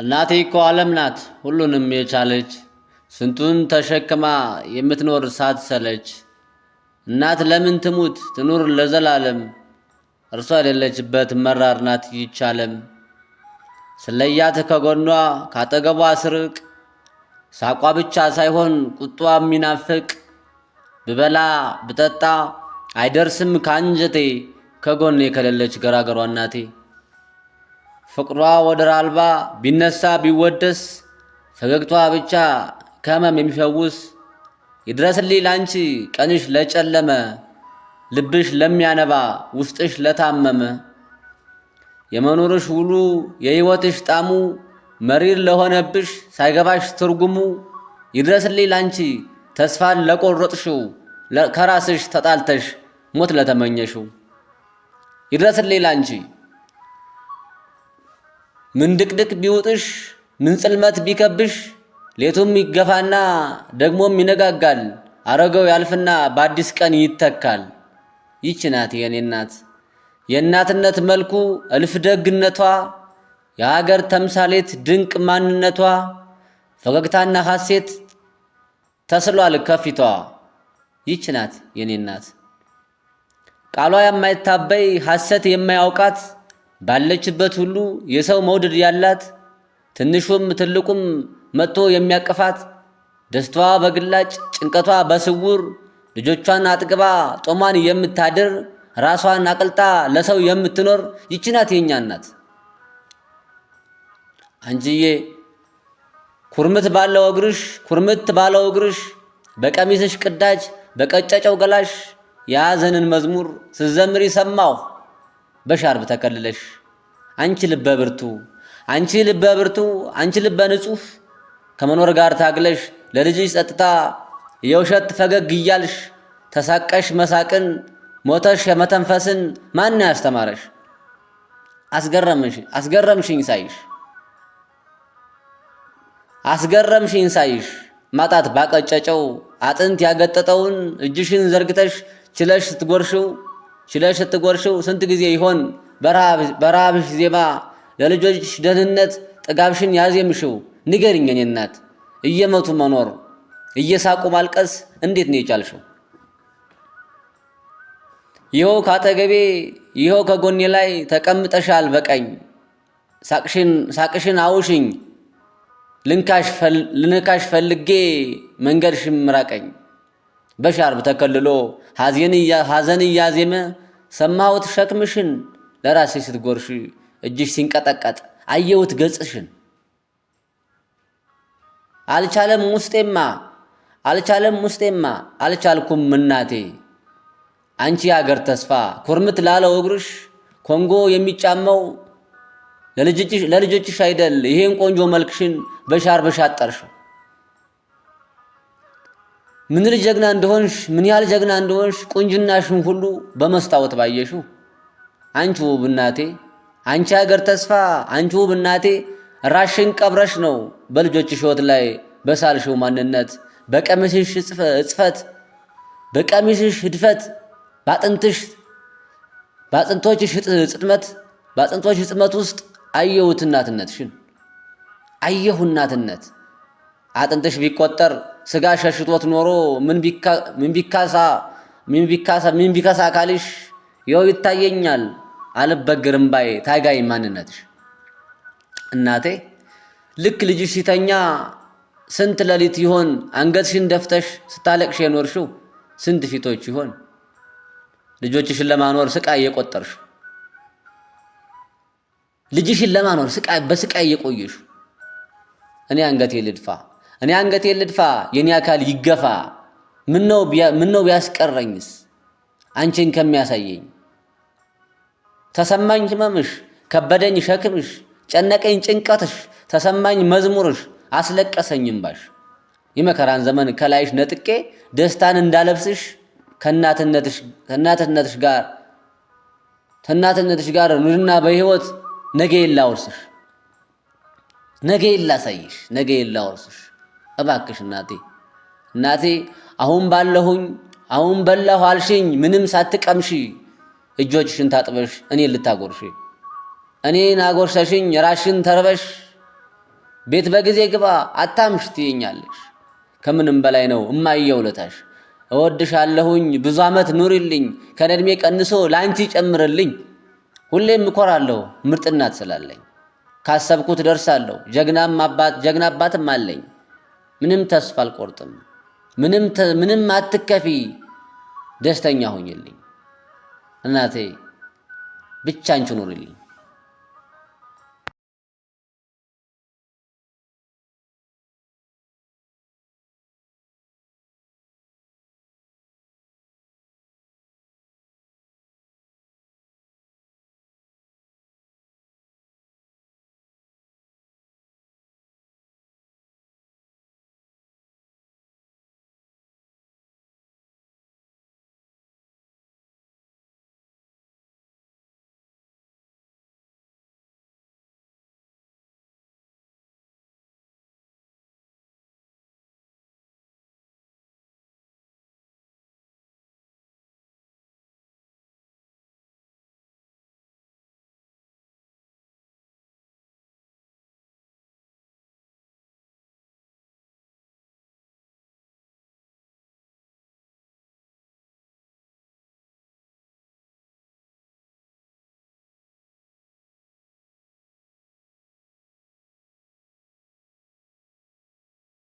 እናቴ እኮ ዓለም ናት ሁሉንም የቻለች ስንቱን ተሸክማ የምትኖር ሳትሰለች። እናት ለምን ትሙት ትኑር ለዘላለም እርሷ የሌለችበት መራር ናት ይቻለም። ስለያት ከጎኗ ካጠገቧ ስርቅ ሳቋ ብቻ ሳይሆን ቁጧ የሚናፍቅ ብበላ ብጠጣ አይደርስም ካንጀቴ ከጎኔ ከሌለች ገራገሯ እናቴ ፍቅሯ ወደር አልባ ቢነሳ ቢወደስ ፈገግቷ ብቻ ከህመም የሚፈውስ ይድረስልኝ ላንቺ ቀንሽ ለጨለመ ልብሽ ለሚያነባ ውስጥሽ ለታመመ የመኖርሽ ውሉ የህይወትሽ ጣሙ መሪር ለሆነብሽ ሳይገባሽ ትርጉሙ ይድረስልኝ ላንቺ ተስፋን ለቆረጥሽው ከራስሽ ተጣልተሽ ሞት ለተመኘሽው ይድረስልኝ ላንቺ ምን ድቅድቅ ቢውጥሽ፣ ምን ጽልመት ቢከብሽ፣ ሌቱም ይገፋና ደግሞም ይነጋጋል። አረገው ያልፍና በአዲስ ቀን ይተካል። ይች ናት የኔ እናት የእናትነት መልኩ እልፍ ደግነቷ፣ የሀገር ተምሳሌት ድንቅ ማንነቷ፣ ፈገግታና ሐሴት ተስሏል ከፊቷ። ይች ናት የኔ እናት ቃሏ የማይታበይ ሐሰት የማያውቃት ባለችበት ሁሉ የሰው መውደድ ያላት ትንሹም ትልቁም መጥቶ የሚያቅፋት ደስታዋ በግላጭ ጭንቀቷ በስውር ልጆቿን አጥግባ ጦሟን የምታድር ራሷን አቅልጣ ለሰው የምትኖር ይችናት ናት የኛ እናት። አንቺዬ ኩርምት ባለው እግርሽ ኩርምት ባለው እግርሽ በቀሚስሽ ቅዳጅ በቀጨጨው ገላሽ የሐዘንን መዝሙር ስዘምር ይሰማሁ። በሻርብ ተከልለሽ አንቺ ልበ ብርቱ አንቺ ልበ ብርቱ አንቺ ልበ ንጹህ ከመኖር ጋር ታግለሽ ለልጅሽ ጸጥታ የውሸት ፈገግ እያልሽ ተሳቀሽ መሳቅን ሞተሽ የመተንፈስን ማን ያስተማረሽ? አስገረምሽ አስገረምሽኝ ሳይሽ አስገረምሽኝ ሳይሽ ማጣት ባቀጨጨው አጥንት ያገጠጠውን እጅሽን ዘርግተሽ ችለሽ ስትጎርሽው ሽለሽ ስትጎርሽው ስንት ጊዜ ይሆን በረሃብሽ ዜማ ለልጆች ደህንነት ጥጋብሽን ያዜምሽው? ንገሪኝ የኔ እናት። እየመቱ መኖር እየሳቁ ማልቀስ እንዴት ነው የቻልሽው? ይኸው ካጠገቤ ይኸው ከጎኔ ላይ ተቀምጠሻል በቀኝ። ሳቅሽን አውሽኝ ልንካሽ ፈልጌ መንገድሽም ራቀኝ። በሻርብ ተከልሎ ሐዘን እያዜመ ሰማሁት ሸክምሽን ለራሴ ስትጎርሽ እጅሽ ሲንቀጠቀጥ አየሁት ገጽሽን። አልቻለም ውስጤማ አልቻለም ውስጤማ አልቻልኩም እናቴ አንቺ የአገር ተስፋ ኩርምት ላለው እግርሽ ኮንጎ የሚጫመው ለልጆችሽ አይደል ይሄን ቆንጆ መልክሽን በሻር በሻጠርሽው ምንል ጀግና እንደሆንሽ ምን ያህል ጀግና እንደሆንሽ ቁንጅናሽን ሁሉ በመስታወት ባየሽው፣ አንቺ ውብ እናቴ፣ አንቺ ሀገር ተስፋ፣ አንቺ ውብ እናቴ ራሽን ቀብረሽ ነው በልጆች ሕይወት ላይ በሳልሽው ማንነት፣ በቀሚስሽ እጽፈት፣ በቀሚስሽ ህድፈት፣ በአጥንትሽ በአጥንቶችሽ ጽጥመት፣ በአጥንቶችሽ ጽመት ውስጥ አየሁት እናትነትሽን፣ አየሁ እናትነት አጥንትሽ ቢቆጠር ስጋ ሸሽቶት ኖሮ ምን ቢከሳ አካልሽ ይኸው ይታየኛል አልበግርም ባይ ታጋይ ማንነትሽ እናቴ ልክ ልጅሽ ሲተኛ ስንት ሌሊት ይሆን አንገትሽን ደፍተሽ ስታለቅሽ የኖርሽው? ስንት ፊቶች ይሆን ልጆችሽን ለማኖር ስቃይ እየቆጠርሽ ልጅሽን ለማኖር ስቃይ በስቃይ እየቆየሽ እኔ አንገቴ ልድፋ እኔ አንገቴን ልድፋ የኔ አካል ይገፋ ምነው ቢያስቀረኝስ አንቺን ከሚያሳየኝ ተሰማኝ ህመምሽ ከበደኝ ሸክምሽ ጨነቀኝ ጭንቀትሽ ተሰማኝ መዝሙርሽ አስለቀሰኝ እምባሽ የመከራን ዘመን ከላይሽ ነጥቄ ደስታን እንዳለብስሽ ከእናትነትሽ ጋር ከእናትነትሽ ጋር ኑርና በህይወት ነገ የላወርስሽ ነገ የላሳይሽ ነገ የላወርስሽ እባክሽ እናቴ እናቴ አሁን ባለሁኝ አሁን በላሁ አልሽኝ፣ ምንም ሳትቀምሺ እጆችሽን ታጥበሽ እኔ ልታጎርሽ እኔን አጎርሰሽኝ ራሽን ተርበሽ ቤት በጊዜ ግባ አታምሽ ትይኛለሽ። ከምንም በላይ ነው እማዬ ውለታሽ። እወድሻለሁኝ ብዙ ዓመት ኑሪልኝ፣ ከነድሜ ቀንሶ ለአንቺ ጨምርልኝ። ሁሌም እኮራለሁ ምርጥናት ስላለኝ፣ ካሰብኩት ደርሳለሁ ጀግናም አባት ጀግና አባትም አለኝ። ምንም ተስፋ አልቆርጥም፣ ምንም አትከፊ፣ ደስተኛ ሆኝልኝ እናቴ፣ ብቻ አንቺ